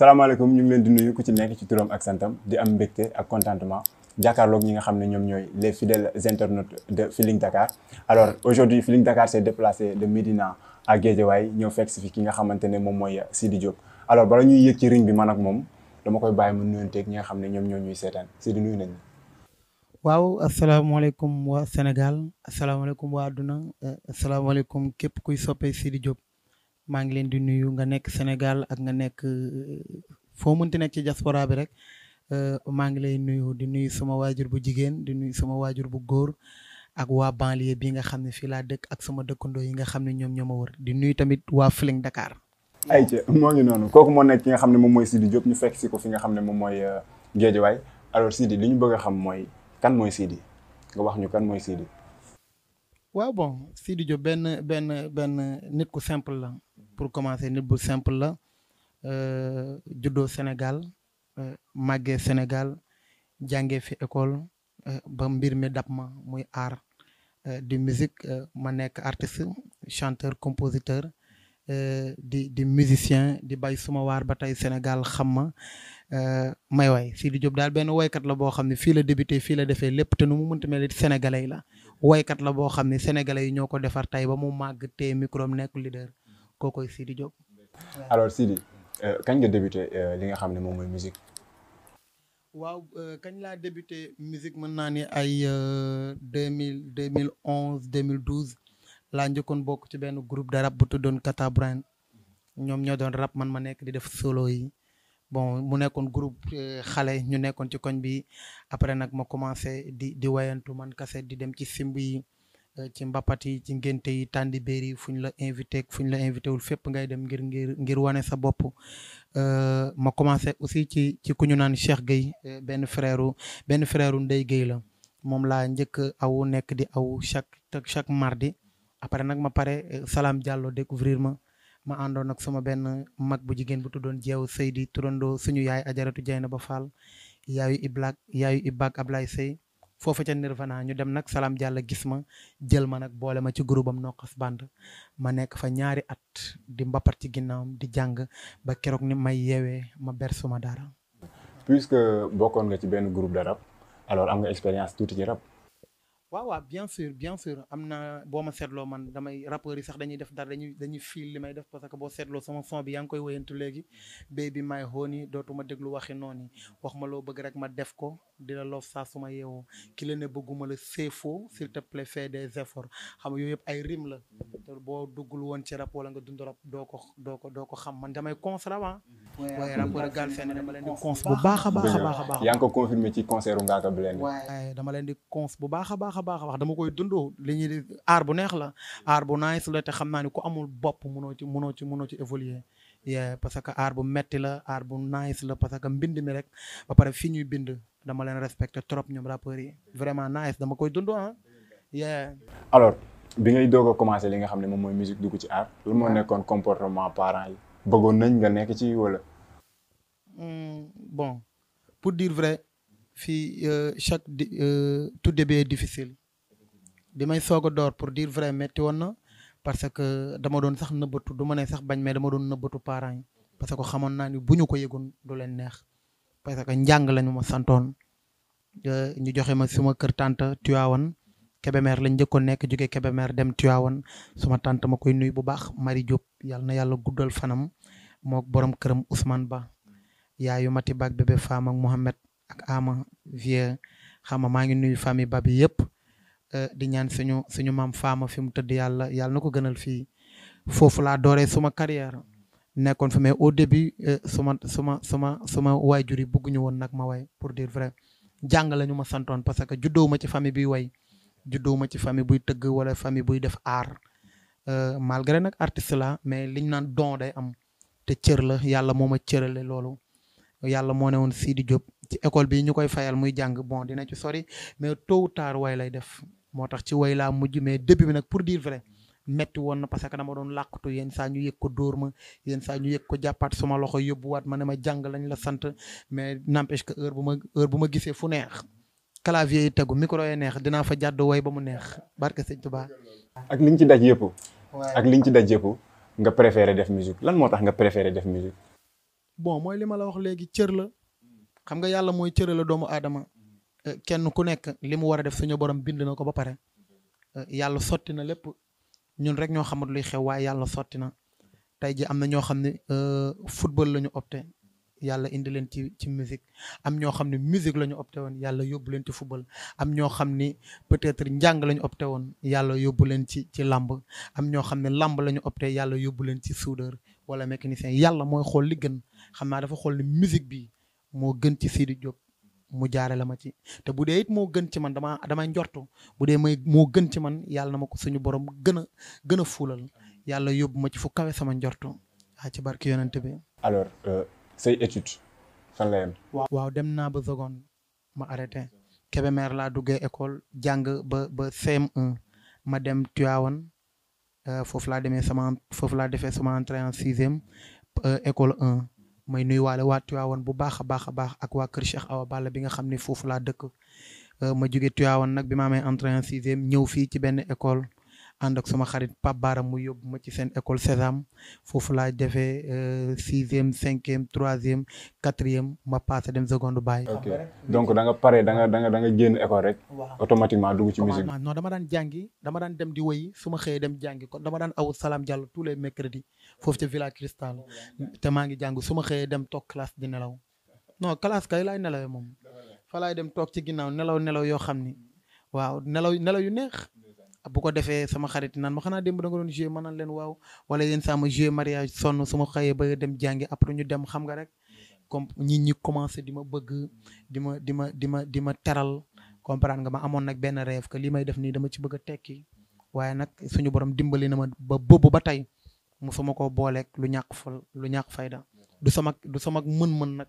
salaamaaleykum ñu ngi leen di nuyu ku ci nekk ci turam ak santam di am mbégte ak contentement jàkkaarloog ñi nga xam ne ñoom ñooy les fidèles internautes de Feeling Dakar alors aujourd'hui Feeling Dakar s'est déplacé de Médina à waay ñëw fekk si fi ki nga xamante ne moom mooy Sidi Diop alors bala ñuy yëg ci ring bi man moom dama koy bàyyi mu nuyonteeg ñi nga xam ne ñoom ñoo ñuy seetaan Sidi nuyu nañ waaw asalaamaaleykum waa Sénégal asalaamaaleykum waa adduna asalaamaaleykum képp kuy soppee Sidi Diop maa ngi leen di nuyu nga nekk Sénégal ak nga nekk euh, foo mënti nekk ci diaspora bi rek euh, maa ngi lay nuyu di nuyu sama waajur bu jigéen di nuyu suma waajur bu góor ak waa banlieue bi nga xam ne fii laa dëkk ak suma dëkkandoo yi nga xam ne ñoom ñoo ma war di nuyu tamit waa Feeling Dakar. ayca moo ngi noonu kooku moo nekk ki nga xam ne moom mooy Sidy Diop ñu fekk si ko fi nga xam ne moom mooy euh, Géejawaay alors Sidy li ñu bëgg a xam mooy kan mooy Sidy wax ñu kan mooy Sidy. waaw bon Sidy pour commencer nit bu simple la euh, juddo Sénégal euh, màggee Sénégal jàngee fi école euh, ba mbir mi dab ma muy art di musique ma nekk artiste chanteur compositeur di di musicien di bay suma waar ba tey Sénégal xam ma may way Sidi Diop daal benn waykat la boo xam ne fii la débuté fii la defee lépp te nu mu mënti mel it sénégalais la woykat la boo xam ne sénégalais yi ñoo ko defar tey ba mu màgg te micro nekk leader kookoy Sidi Diop. alors Sidi euh, kañ nga débuté euh, li nga xam ne moom mooy musique. waaw euh, kañ laa débuté musique mën naa ni ay deux mille deux mille onze deux mille douze laa njëkkoon bokk ci benn groupe de rap bu tuddoon Kata Brand ñoom ñoo doon rap man ma nekk di def solo yi bon mu nekkoon groupe xale ñu nekkoon ci koñ bi après nag ma commencé di di wayantu man kase di dem ci simb yi. Euh, ci mbapat yi ci ngénte yi tàndibéer yi fu ñu la invité fu ñu la invité wul fépp ngay dem ngir ngir ngir wane sa bopp euh, ma commencé aussi ci ci ku ñu naan Cheikh Gueye euh, benn frère benn frère Ndeye Gueye la moom laa njëkk aw nekk di aw chaque chaque mardi après nag ma pare Salam jàlloo découvrir ma ma àndoon ak sama benn mag bu jigéen bu tuddoon Jeew Seydi turandoo suñu yaay ajaratu ba Fall yaayu Iblak yaayu ab lay Sey foofu ca Nirvana ñu dem nag salaam Diallo gis ma jël ma nag boole ma ci groupe am Nokas Band ma nekk fa ñaari at di mbappat ci ginnaawam di jàng ba keroog ni may yeewee ma ber suma dara. puisque bokkoon nga ci benn groupe de rap alors am nga expérience tuuti ci rap. waaw waaw bien sûr bien sûr am na boo ma seetloo man damay rappeurs yi sax dañuy def dara dañuy fiil li may def parce que boo seetloo sama son bi yaa ngi koy wéyantu léegi baby my honey dootuma déglu waxi wax ma loo bëgg rek ma def ko di la loof saa suma ma yeewoo ki la ne bëgguma la c'est faux s'il te plaît fais des efforts xam nga yooyu yëpp ay rime la te boo duggul woon ci rap wala nga dund rap doo ko doo ko doo ko xam man damay cons avant waaye rappeur Galsen dama leen di cons bu baax a baax a baax a yaa ngi ko confirmé ci concert u Ngaaka Blindé waaye dama leen di cons bu baax a baax a wax dama koy dund li ñuy aar bu neex la aar bu nice la te xam naa ni ku amul bopp munoo ci munoo ci munoo ci évoluer parce que aar bu metti la aar bu nice la parce que mbind mi rek ba pare fi ñuy bind dama leen respecté trop ñoom rapper yi vraiment nice dama koy dund ah alors bi ngay doog a commencé li nga xam ne moom mooy musique dugg ci aar lu moo nekkoon comportement parents yi bëggoon nañ nga nekk ci wala hmm, bon pour dire vrai fii euh, chaque tout début est difficile bi may soog a door pour dire vrai metti woon na parce que dama doon sax nëbbatu du ma ne sax bañ mais dama doon nëbbatu parents parce que xamoon naa ni bu ñu ko yëgoon du leen neex parce que njàng lañu ma santoon ñu joxe ma suma kër tante Tivaouane Kébémer lañ njëkkoon nekk jóge Kébémer dem Tivaouane suma tante ma koy nuy bu baax mari Diop yàlla na yàlla guddal fanam mook borom këram Ousmane Ba yaayu Mati Bak bébé Fam ak ak Ama Vieux xam nga maa ngi nuyu famille Babi yëpp euh, di ñaan suñu suñu mam faama fi mu tëdd yàlla yàlla na ko gënal fii foofu laa dooree suma carrière nekkoon fa mais au début euh, suma suma suma suma waajur yi bëgguñu woon nag ma way pour dire vrai jàng la ñu ma santoon parce que juddoo ma ci famille bi way juddoo wuma ci famille buy tëgg wala famille buy def art euh, malgré nag artiste la mais liñ naan don day am te cër la yàlla moo ma cërale loolu yàlla moo ne woon Sidi Diop ci école bi ñu koy fayal muy jàng bon dina ci sori mais tôt ou tard way lay def moo tax ci way laa mujj mais début bi nag pour dire vrai metti woon na parce que dama doon làqatu yenn saa ñu yëg ko dóor ma yenn saa ñu yëg ko jàppaat suma loxo yóbbuwaat ma ne ma jàng lañ la sant mais n'empêche que heure bu ma heure bu ma gisee fu neex clavier yi tegu micro yi neex dinaa fa jàdd way ba mu neex barke sëñ Tuubaa ak liñ ci daj yëpp. ak liñ ci daj yëpp nga préféré def musique lan moo tax nga préféré def musique. bon mooy li ma la wax léegi cër la xam nga yàlla mooy cër la doomu aadama eh, kenn ku nekk li mu war a def suñu borom bind na ko ba pare eh, yàlla sotti na lépp ñun rek ñoo xamul luy xew waaye yàlla sotti na tey ji am na ñoo xam ne eh, football la ñu opté yàlla indi leen ci ci musique am ñoo xam ne musique la ñu opté woon yàlla yóbbu leen ci football am ñoo xam ni peut-être njàng la ñu woon yàlla yóbbu leen ci ci làmb am ñoo xam ne làmb la ñu opté yàlla yóbbu leen ci soudeur wala mécanicien yàlla mooy xool li xam naa dafa xool ni musique bi moo gën ci Sidi Diop mu jaare la ma ci te bu dee it moo gën ci man damaa damay njortu bu dee may moo gën ci man yàlla na ma ko suñu borom gën a gën a fuulal yàlla yóbbu ma ci fu kawe sama njortu waa ci barki yonent bi. alors euh, say étude fan la waaw dem naa ba seconde ma arrêté Kébémer laa duggee école jàng ba ba CM1 ma dem Tuyawan euh, foofu laa demee sama foofu laa defee sama entrée en sixième euh, école 1. may nuyuwaale waa Tiwaawan bu baax a baax a baax ak waa kër Cheikh Awa Balla bi nga xam ne foofu laa dëkk euh, ma jóge Tiwaawan nag bi ma amee entrée en ñëw fii ci benn école ànd ak sama xarit Pape Baara mu yóbbu ma ci seen école Sésame foofu laa defee euh, sixième cinquième troisième quatrième ma passé dem seconde bàyyi. ok donc da nga pare da da nga da nga génn école rek. automatiquement dugg ci musique non dama daan jàngi dama daan dem di woy su ma xëyee dem jàngi kon dama daan aw Salam Diallo tous les mercredis. foofu ca village cristal te maa ngi jàng suma xëyee dem toog classe di nelaw non classe kay laay nelawee moom fa laay dem toog ci ginnaaw nelaw nelaw yoo xam ni waaw nelaw nelaw yu neex bu ko defee sama xarit naan ma xanaa démb da nga doon joué ma naan leen waaw wala yéen sama joué mariage sonn su ma xëyee ba dem jàngi après ñu dem xam nga rek comme ñi ñi commencé di ma bëgg di ma di ma di ma di ma teral comprendre nga ma amoon nag benn rêve que li may def nii dama ci bëgg a tekki waaye nag suñu borom dimbali na ma ba boobu ba tey musuma koo booleek lu ñàkk fa lu ñàkk fayda du sama du sama mën-mën nag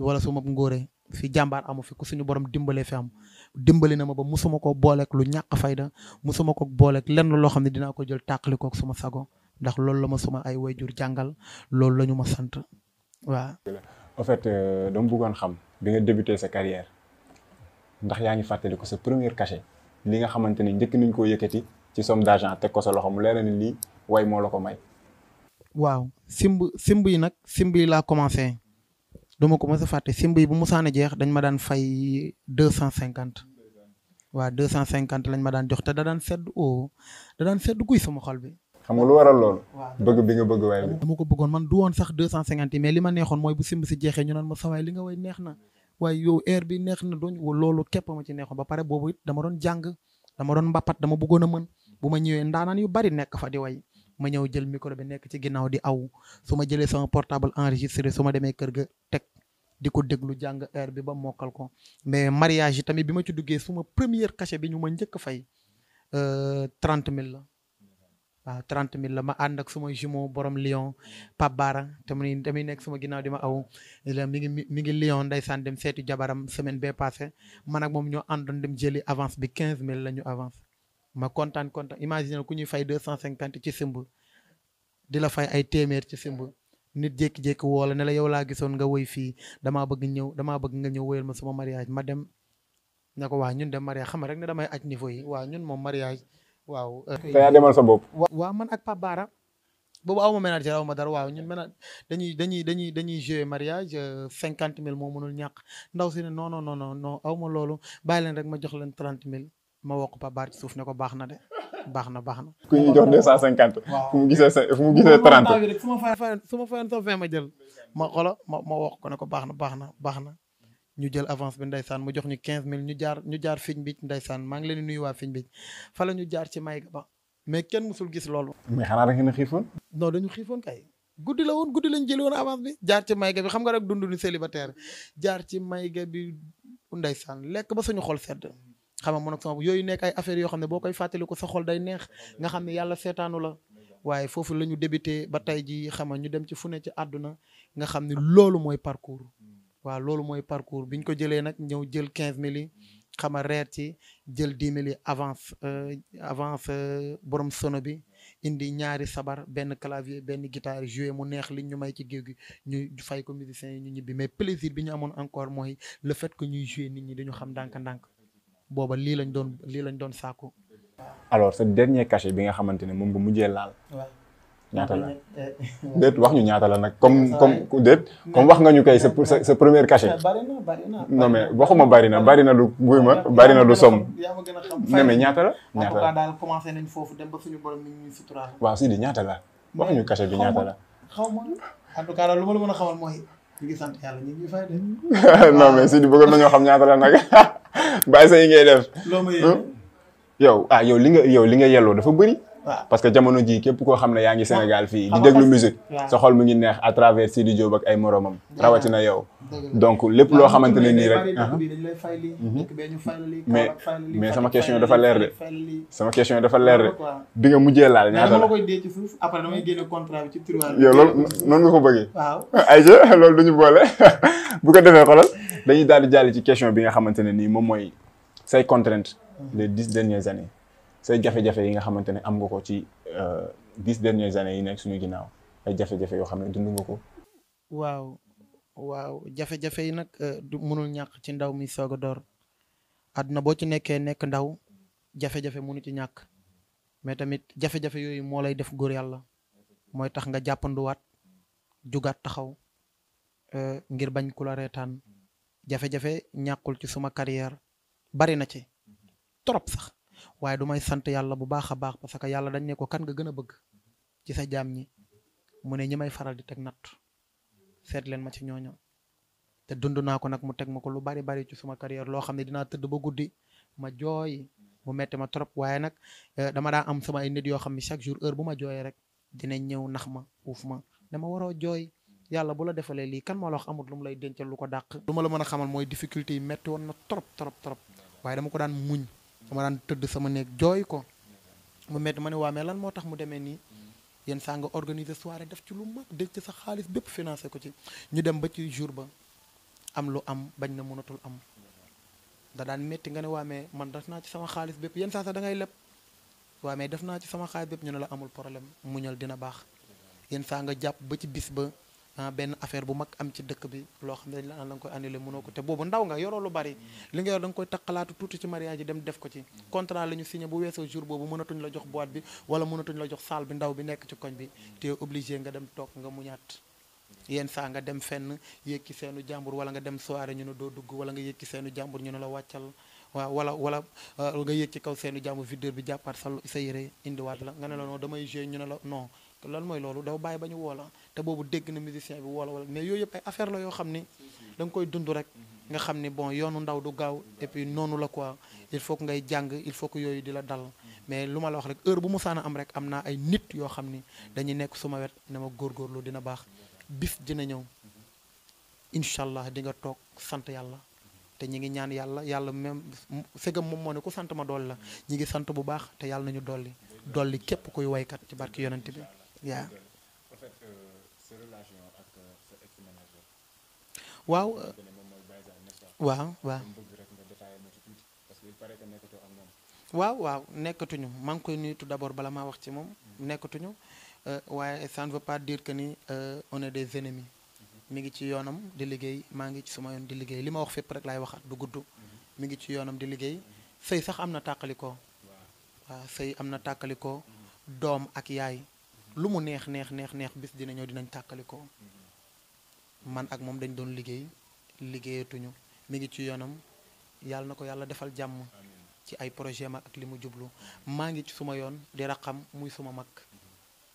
wala suma ngóore fi jàmbaar amu fi ku suñu borom dimbale fi am dimbali na ma ba musuma koo booleek lu ñàkk fayda musuma ko booleeg lenn loo xam ne dinaa ko jël tàqali koog suma sago ndax loolu la ma suma ay wayjur jàngal loolu la ñu ma sant waaw. en fait euh, dama buggoon xam bi nga débuté sa carrière ndax yaa ngi fàttali ko sa première cachet li nga xamante ni njëkk ko koo yëkkati ci somme d'argent teg ko sa loxo mu leer na ni lii way moo la ko may. waaw simb simb yi nag simb yi laa commencé duma ko mos a simb yi bu musaana jeex dañ ma daan fay deux cent cinquante waaw deux cent cinquante lañ ma daan jox te da daan sedd oo oh, da daan sedd guy sama xol bi. xam nga lu waral lool. bëgg bi nga bëgg waaye dama ko bëggoon man du woon sax deux cent cinquante yi mais li ma neexoon mooy bu simb si jeexee ñu naan ma sawaay li nga way neex na waaye yow air bi neex na doon loolu képp ma ci neexoon ba pare boobu dama doon jàng dama doon mbappat dama bëggoon a mën bu ma ñëwee ndaanaan yu bari nekk fa di way ma ñëw jël micro bi nekk ci ginnaaw di aw su ma jëlee sama portable enregistré su ma demee kër ga teg di ko déglu jàng heure bi ba mokkal ko mais mariage yi tamit bi ma ci duggee suma première cachet bi ñu ma njëkk fay euh, trente mille la waaw trente mille la ma ànd ak suma jumeau borom Lyon Pape Bara te mu tamit nekk suma ginnaaw di ma aw mi ngi mi ngi Lyon ndeysaan dem seetu jabaram semaine bee passé man moom ñoo àndoon dem jëli avance bi quinze mille la avance ma kontaan kontaan imagine ku ñuy fay deux cent cinquante ci simbu di la fay ay téeméer ci simb nit jékki-jékki woo la ne yow laa gisoon nga woy fii damaa bëgg ñëw damaa bëgg nga ñëw woyal ma sama mariage ma dem ne ko waa ñun dem mariage xam rek ne damay aj niveau yi waa ñun moom mariage waaw. te demal sa bopp. waa man ak Pape Bara boobu aw ma ménagère aw ma dara waaw ñun ménage dañuy dañuy dañuy dañuy jouer mariage euh, cinquante mille moo mënul ñàkk ndaw si ne non non aw ma loolu bàyyi leen rek ma jox leen trente mille ma woo ko pa baar ci suuf ne ko baax na de baax na baax na. ku cinquante. waaw fu mu gisee fu ma fayoon su ma fayoon sa vingt ma jël. ma xolo ma ma wax ko ko baax na baax na baax na ñu jël avance bi ndeysaan mu jox ñu quinze mille ñu jaar ñu jaar fiñ bi ndeysaan maa ngi leen di nuyu waa fiñ bi fa la ñu jaar ci may ba mais kenn musul gis loolu. mais xanaa rek ngeen a xiifoon. dañu xiifoon kay. guddi la woon guddi lañ jëli woon avance bi jaar ci mayga bi xam nga rek dundu ni célibataire jaar ci mayga bi ndeysaan lekk ba suñu xol sedd xam nga man ak sama yooyu nekk ay affaires yoo xam ne boo koy fàttaliku sa xol day neex nga xam ne yàlla seetaanu la waaye foofu la ñu débuté ba tey ji xam nga ñu dem ci fu ne ci àdduna nga xam ni loolu mooy parcours waaw loolu mooy parcours bi ñu ko jëlee nag ñëw jël quinze mille yi reer ci jël dix mille yi avance euh, avance euh, borom sono bi indi ñaari sabar benn clavier benn guitare joué mu neex li ñu may ci géew gi ñu fay ko musiciens yi ñu ñibbi mais plaisir bi ñu amoon encore mooy le fait que ñuy nit ñi dañu xam ndànk-ndànk booba lii lañ doon lii lañ doon sàkku. alors sa dernier cachet bi nga xamante ne moom nga mujjee laal. ñaata la déet wax ñu ñaata la nag comme comme déet comme wax ñu kay sa sa sa première cachet. bari na bari na bari na bari na du ma bari na du somme. yaa ma ne ñaata la. ñaata la en foofu dem ba suñu waaw si di ñaata la wax ñu cachet bi ñaata la. xaw ma en tout a xamal mais si di bëggoon nañoo xam ñaata la nag. ba sa yi ngay def. Hmm? yow ah yow li nga yow li nga yelloo dafa bëri. parce que jamono jii képp koo xam ne yaa ngi Sénégal fii di déglu musique sa xol mu ngi neex à travers Sidi Diop ak ay moromam rawatina yow donc lépp loo xamante ne nii rek mais mais sama question dafa leer de sama question dafa leer de bi nga mujjee laal ñaata la yow loolu noonu nga ko bëggee ay ayca loolu duñu boole bu ko defee xolal dañuy daal di jàll ci question bi nga xamante ne nii moom mooy say contraintes les dix dernières années say jafe-jafe yi nga xamante ne am nga ko ci euh, dix dernières années yi nekk suñu ginnaaw ay jafe-jafe yoo xam ne dund ko. waaw waaw jafe yi nag euh, du mënul ñàkk ci ndaw mi soog a door àdduna boo ci nekkee nekk ndaw jafe-jafe mënu ci ñàkk mais tamit jafe-jafe yooyu moo lay def góor yàlla mooy tax nga jàppanduwaat jugaat taxaw euh, ngir bañ ku la reetaan jafe-jafe ñàkkul ci suma carrière bari na ci trop sax. waaye du may sant yàlla bu baax a baax parce que yàlla dañ ne ko kan nga gën a bëgg ci sa jaam ñi mu ne ñi may faral di teg nat seet leen ma ci ñooñu te dund naa ko nag mu teg ma ko lu bari bari ci suma carrière loo xam ne dinaa tëdd ba guddi ma jooy mu metti ma trop waaye nag eh, dama daa am sama nit yoo xam ne chaque jour heure bu ma jooyee rek dinañ ñëw nax ma uuf ma dama waroo jooy yàlla bu la defalee lii kan moo la wax amut lu mu lay dencal lu ko dàq. lu la mën a xamal mooy difficulté yi woon na trop trop trop dama daan tëdd sama néeg jooy ko mu metti ma ne waa mais lan moo tax mu demee nii yenn saa nga organiser soirée def ci lu mag dégg ci sa xaalis bépp financé ko ci ñu dem ba ci jour ba am lu am bañ na mënatul am da daan metti nga ne waa man def naa ci sama xaalis bépp yenn saa sax da ngay leb waa mais def naa ci sama xaalis bépp ñu ne la amul problème muñal dina baax yenn saa nga jàpp ba ci bis ba Ah, benn affaire bu mag am ci dëkk bi loo xam ne dañ la an la nga koy annulé mënoo ko te boobu ndaw nga yoroo lu bari li nga yor da nga koy takkalaatu tuuti ci mariage yi dem def ko ci contrat la ñu signé bu weesoo jour boobu mënatuñ la jox boîte bi wala mënatuñ la jox salle bi ndaw bi nekk ci koñ bi te obligé nga dem toog nga muñaat yenn saa nga dem fenn yéeg ci seenu jàmbur wala nga dem soirée ñu ne doo dugg wala nga yéeg ci seenu jàmbur ñu ne la wàccal waaw wala wala euh, nga yéeg ci kaw seenu jàmbur videur bi jàppaat sa sa yére indiwaat la nga ne la non damay joué ñu ne la non te loolu mooy loolu daw bàyyi ba ñu woo te boobu dégg na musicien bi woo la wala mais yooyu yëpp ay affaire la yoo xam ni danga koy dund rek nga xam ni bon yoonu ndaw du gaaw et noonu la quoi il faut que ngay jàng il faut que yooyu di la dal mais lu ma la wax rek heure bu mu saana am rek am naa ay nit yoo xam ni dañuy nekk suma wet ne ma góorgóorlu dina baax bis dina ñëw incha allah di nga toog sant yàlla te ñi ngi ñaan yàlla yàlla même segam moom moo ne ku sant ma dolli la ñi ngi sant bu baax te yàlla nañu dolli dolli képp kuy waykat ci barki yonent bi yaa euh, euh, waaw waaw waaw waaw waaw nekkatuñu maa ngi koy nuyu tout d'abord bala maa wax ci moom mm-hmm. nekkatuñu euh, waaye ça ne diir pas dire que ni on est des ennemis mm-hmm. ngi ci yoonam di liggéey maa ngi ci suma yoon di liggéey li ma wax fépp rek laay waxaat du gudd mm-hmm. mi ngi ci yoonam di liggéey sëy sax am na tàqalikoo waaw sëy am na tàqalikoo doom ak yaay lu mu neex neex neex neex bis dina ñëw dinañ tàkkalikoo man ak moom dañ doon liggéey liggéeyatuñu mi ngi ci yoonam yàlla na ko yàlla defal jàmm ci ay projet ma ak li mu jublu maa ngi ci suma yoon di raqam muy suma mag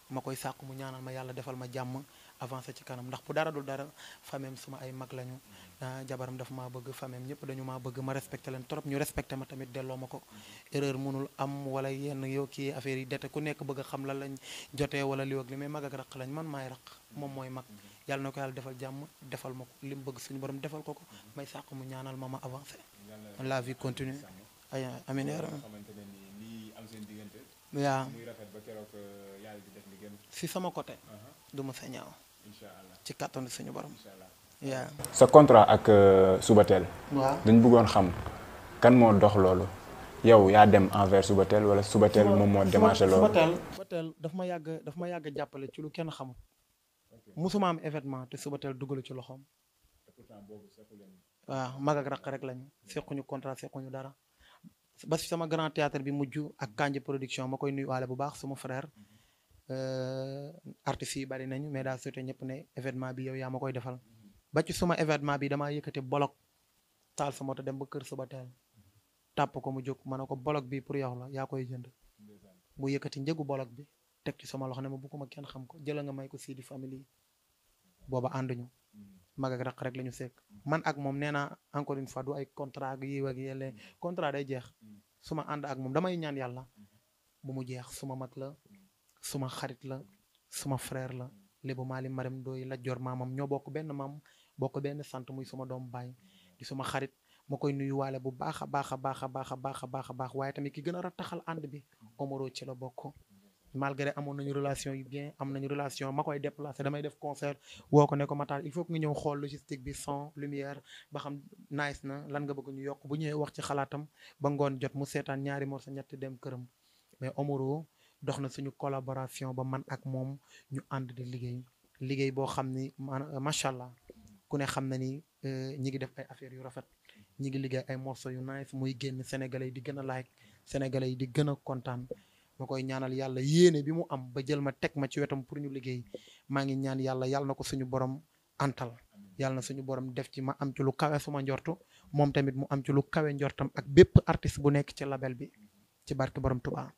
ma koy sàkk mu ñaanal ma yàlla defal ma jàmm avancé ci kanam ndax bu dara dul dara famem suma ay mag lañu mm-hmm. ah, jabaram daf maa bëgg famem ñëpp dañu maa bëgg ma respecté leen trop ñu respecté ma tamit delloo ma ko mm-hmm. erreur mënul am wala yenn yoo kii affaire yi dete ku nekk bëgg xam lan lañ jotee wala li wag li mais mag ak raq lañ man maay raq moom mooy mag mm-hmm. yàlla na ko yàlla defal jàmm defal ma ko li mu bëgg suñu borom defal ko ko may sàq mu ñaanal ma ma avancé la vie continue ay amin eh, yaa waaw si sama côté uh-huh. du ma sa ci kàttan suñu borom. waaw. sa contrat ak euh, Subatel. waaw dañ bëggoon xam kan moo dox loolu yow yaa dem envers Subatel wala Subatel moom moo démarché loolu. Subatel Subatel daf ma yàgg daf ma yàgg jàppale ci lu kenn xamul. musuma am événement te Subatel dugalu ci loxoom. waaw mag ak raq rek lañ lañu sequñu contrat ñu dara ba si sama grand théâtre bi mujj ak Kanji production ma koy nuy nuyuwaale bu baax suma frère. Mhm. Euh, artistes yi bari nañu mais daal souhaité ñëpp ne événement bi yow yaa ma koy defal ba ci suma événement bi damaa yëkkati bolok taal sa moto dem ba kër suba teel tàpp ko mu jóg ma ne ko bolok bi pour yow la yaa koy jënd mu yëkkati bi teg ci sama loxo ne ma bugguma xam ko jëla nga may ko Sidi Family booba ànduñu raq rek la ñu sekk man ak moom nee naa encore une ay contrat ak ak yellee contrat day jeex su ànd ak moom damay ñaan yàlla bu mu jeex suma mat la suma xarit la suma frère la Lébu Maalim Maram Ndoye Lat Joor maamam ñoo bokk benn maam bokk benn sant muy suma doom baay suma xarit ma koy nuyuwaale bu baax a baax a baax a baax a baax a baax a baax waaye tamit ki gën a rataxal ànd bi Omaro ci la bokk malgré amoon nañu relation yu bien am nañu relation ma koy déplacé damay def concert woo ko ne ko Matar il faut que nga ñëw xool logistique bi son lumière ba xam nice na lan nga bëgg ñu yokk bu ñëwee wax ci xalaatam ba ngoon jot mu seetaan ñaari morceau ñetti dem këram dox na suñu collaboration ba man ak moom ñu ànd di liggéey liggéey boo xam ni euh, macha allah ku ne xam na ni euh, ñi ngi def ay affaires yu rafet ñi ngi liggéey ay morceaux yu nice muy génn sénégalais yi di gën a like sénégalais yi di gën a kontaan ma koy ñaanal yàlla yéene bi mu am ba jël ma teg ma ci wetam pour ñu liggéey maa ngi ñaan yàlla yàlla na ko suñu borom antal yàlla suñu borom def ci ma am ci lu kawe suma njortu moom tamit mu am ci lu kawe njortam ak bépp artiste bu nekk ci label bi ci barke borom Tuubaa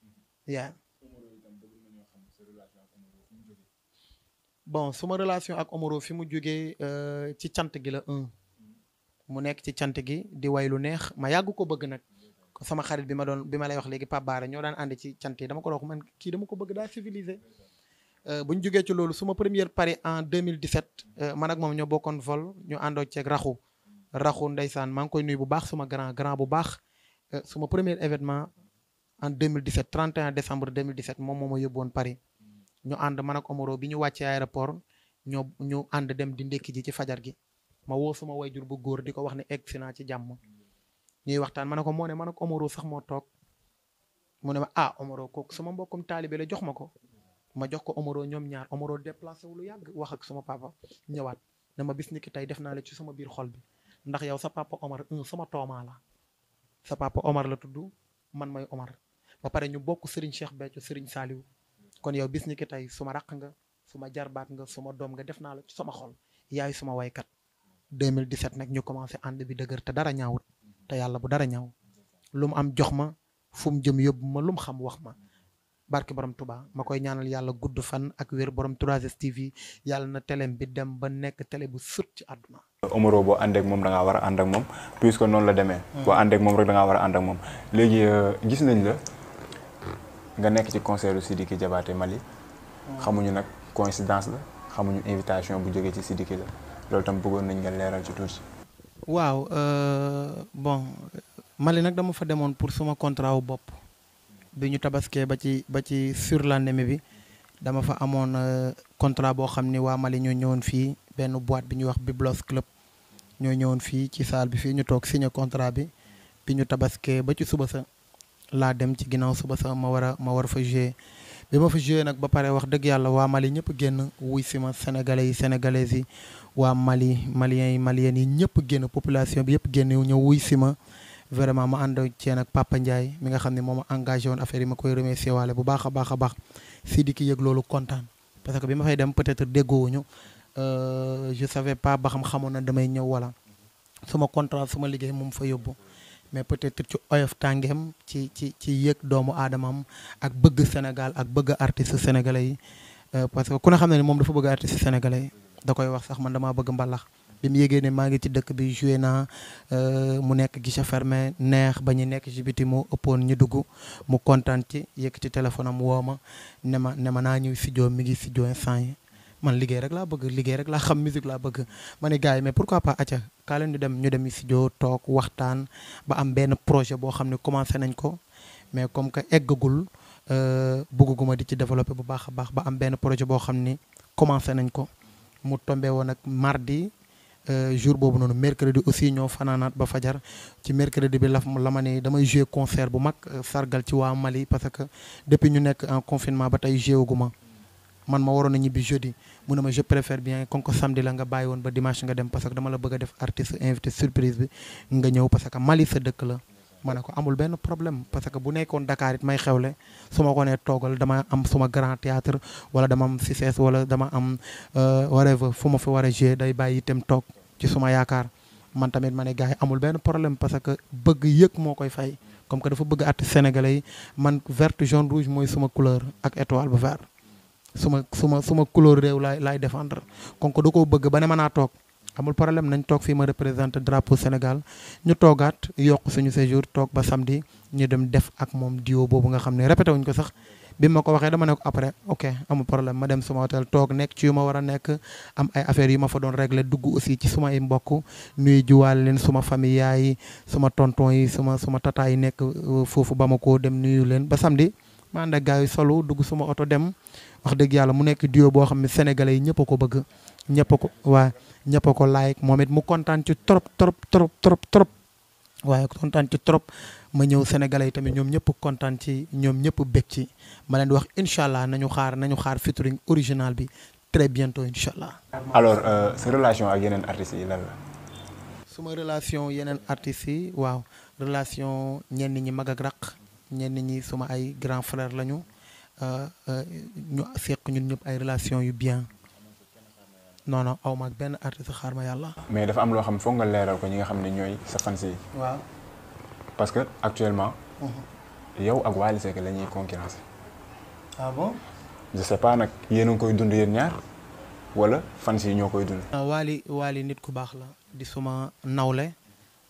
bon suma relation ak Omaro fi mu jógee euh, ci cant gi la mu nekk ci cant gi di way lu neex ma yàgg ko bëgg nag sama xarit bi ma doon bi ma lay wax léegi Pape Bara ñoo daan ànd ci cant yi dama ko wax man kii dama ko bëgg daa civilisé euh, bu ñu jógee ci loolu suma première Paris en 2017 euh, man ak moom ñoo bokkoon vol ñu àndoo ceeg raxu raxu ndeysaan maa ngi koy nuyu bu baax suma grand grand bu baax suma premier événement en 2017 31 décembre 2017 moom moo ma yóbbu ñu ànd man ak Omaro bi ñu wàccee aéroport ñoo ñu ànd dem di ndékki ji ci fajar gi ma woo sama jur bu góor di ko wax ne egg si naa ci jàmm ñuy waxtaan ma ne ko moo ne man ak Omaro sax moo toog mu ne ma ah Omaro kooku sama mbokkum taalibe la jox ma ko ma jox ko Omaro ñoom ñaar Omaro déplacé wu lu yàgg wax ak sama papa ñëwaat na ma bis ni ki tey def naa la ci sama biir xol bi ndax yow sa papa Omar un sama toomaa la sa papa Omar la tudd man may Omar ba pare ñu bokk Serigne Cheikh Béthio Serigne Saliou kon yow bis ni ki tey suma ma raq nga suma ma jarbaat nga suma doom nga def naa la ci sama xol yaay suma waykat 2017 nag ñu commencé ànd bi dëgër te dara ñaawut te yàlla bu dara ñaaw lu mu am jox ma fu mu jëm yóbbu ma lu xam wax ma barke borom tubaa ma koy ñaanal yàlla gudd fan ak wér borom 3STV yàlla na tele bi dem ba nekk télé bu sut ci àdduna. Omaro boo ànd moom da ngaa war a ànd ak moom puisque noonu la demee. Hmm. boo ànd moom rek da ngaa war a ànd ak moom léegi euh, gis nañ la. nga nekk ci concert u Sidiki Diabaté Mali xamuñu nag coïncidence la xamuñu invitation bu jógee ci Sidiki la loolu tam bëggoon nañ nga leeral ci tuuti. waaw euh, bon Mali nag dama fa demoon pour suma contrat wu bopp bi ñu tabaskee ba ci ba ci surlendemain bi dama fa amoon euh, contrat boo xam ni waa Mali ñoo ñëwoon fii benn boîte bi ñuy wax Biblos Club ñoo ñëwoon fii ci salle bi fii ñu toog signé contrat bi bi ñu tabaskee ba ci suba sa laa dem ci ginnaaw suba sax ma war a ma war fa joué bi ma fa joué nag ba pare wax dëgg yàlla waa Mali ñëpp génn wuy sima ma sénégalais yi sénégalaises yi waa Mali maliens yi maliennes yi ñëpp génn population bi yëpp génn ñëw wuy si ma vraiment ma ànd ceen ak Papa Ndiaye mi nga xam ne moom engagé woon affaire yi ma koy remercier waale bu baax a baax a baax si di ki yëg loolu kontaan parce que bi ma fay dem peut-être déggoowuñu euh, je savais pas ba xam xamoon na damay ñëw wala suma contrat suma liggéey moom fa yóbbu mais peut-être ci oyof tàngeem ci ci ci yëg doomu aadamam ak bëgg Sénégal ak bëgg artiste sénégalais yi euh, parce que ku ne xam ne ni moom dafa bëgg artiste sénégalais yi da koy wax sax man damaa bëgg mbalax bi mu yégee ne maa ngi ci dëkk bi joué naa euh, mu nekk guichet fermé neex ba ñu nekk ci biti moo ëppoon ñu dugg mu kontaan ci yëkkati téléphone am woo ma ne ma ne ma naa ñuy studio mi ngi studio instant yi man liggéey rek laa bëgg liggéey rek laa xam musique laa bëgg man ne gars yi mais pourquoi pas aca kaa leen ñu dem ñu dem studio toog waxtaan ba am benn projet boo xam ne commencé nañ ko mais comme que eggagul euh, bëgguma di ci développé bu baax a baax ba am benn projet boo xam ni commencé nañ ko mu tombe woon ak mardi euh, jour boobu noonu mercredi aussi ñoo fanaanaat ba fajar ci mercredi bi la la ma ne damay joué concert bu mag euh, sargal ci waa Mali parce que depuis ñu nekk en confinement ba tey joué wu ma man ma waroon a ñibbi jeudi mu ne ma je préfère bien kon ko samedi la nga bàyyi woon ba dimanche nga dem parce que dama la bëgg a def artiste invité surprise bi nga ñëw parce que Mali sa dëkk la. ma ne ko amul benn problème parce que bu nekkoon Dakar it may xewle su ma ko nee toogal dama am suma grand théâtre wala dama am CICES wala dama am euh, whatever fu ma fi war a jouer day bàyyi itam toog ci suma yaakaar man tamit ma ne gars yi amul benn problème parce que bëgg yëg moo koy fay comme que dafa bëgg artiste sénégalais man verte jaune rouge mooy suma couleur ak étoile bu vert. suma suma suma couleur réew laay laay défendre kon ko da koo bëgg ba ne mën naa toog amul problème nañ toog fii ma représenté drapeau Sénégal ñu toogaat yokk suñu séjour toog ba samdi ñu dem def ak moom duo boobu nga xam ne répété wuñ ko sax bi ma ko waxee dama ne ko après ok amul problème ma dem suma hôtel toog nekk ci yu ma war a nekk am ay affaires yu ma fa doon régler dugg aussi ci suma ay mbokk nuy juwaal leen suma famille yaay suma tonton yi suma suma tata yi nekk euh, foofu ba ma koo dem nuyu leen ba samedi ma ànd ak gars yi solo dugg suma oto dem wax dëgg yàlla mu nekk dio boo xam ne sénégalais yi ñëpp ko bëgg ñëpp ko waa ñëpp ko like moom it mu kontaan ci trop trop trop trop trop. waaye kontaan ci trop ma ñëw sénégalais yi tamit ñoom ñëpp kontaan ci ñoom ñëpp bég ci ma leen di wax incha allah nañu xaar nañu xaar featuring original bi très bientôt incha allah. alors euh, sa relation ak yeneen artistes yi lan suma relation yeneen artistes yi waaw relation ñenn ñi mag ak raq. ñenn ñi suma ay grand frère lañu euh, euh, ñu seq ñun ñëpp ay relation yu bien non non ma benn artiste xaar ma yàlla. mais dafa am loo xam foog nga leeral ko ñi nga xam ne ñooy sa fans yi. parce que actuellement. Mhm. yow ak Wally Seck la ñuy concurrence. ah bon. je sais pas nag yéen a ngi koy dund yéen ñaar wala fans yi ñoo koy dund. Wally Wally nit ku baax la di suma nawle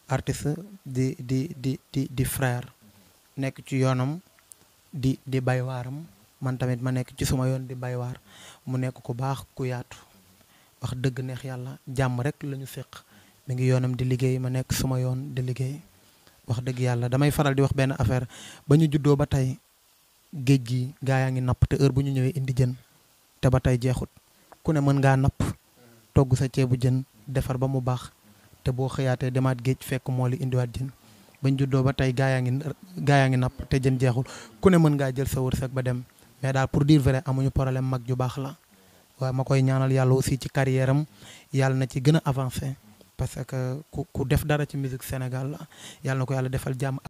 artiste di di di di di frère. nekk ci yoonam di di bay waaram man tamit ma nekk ci suma yoon di bay waar mu nekk ku baax ku yaatu wax dëgg neex yàlla jàmm rek la ñu séq mu ngi yoonam di liggéey ma nekk suma yoon di liggéey wax dëgg yàlla damay faral di wax benn affaire ba ñu juddoo ba tey géej gi gaa yaa ngi napp te heure bu ñu ñëwee indi jën te ba tey jeexut ku ne mën ngaa napp togg sa ceebu jën defar ba mu baax te boo xëyaatee demaat géej fekk moo li indiwaat jën bañ juddoo ba tey gaa yaa ngi gaa yaa ngi napp te jën jeexul ku ne mën ngaa jël sa wërsëg ba dem mais daal pour dire vrai amuñu problème mag ju baax la waaw ma koy ñaanal yàlla aussi ci carrière am yàlla na ci gën a avancé parce que ku ku def dara ci musique Sénégal la yàlla na ko yàlla defal jàmm.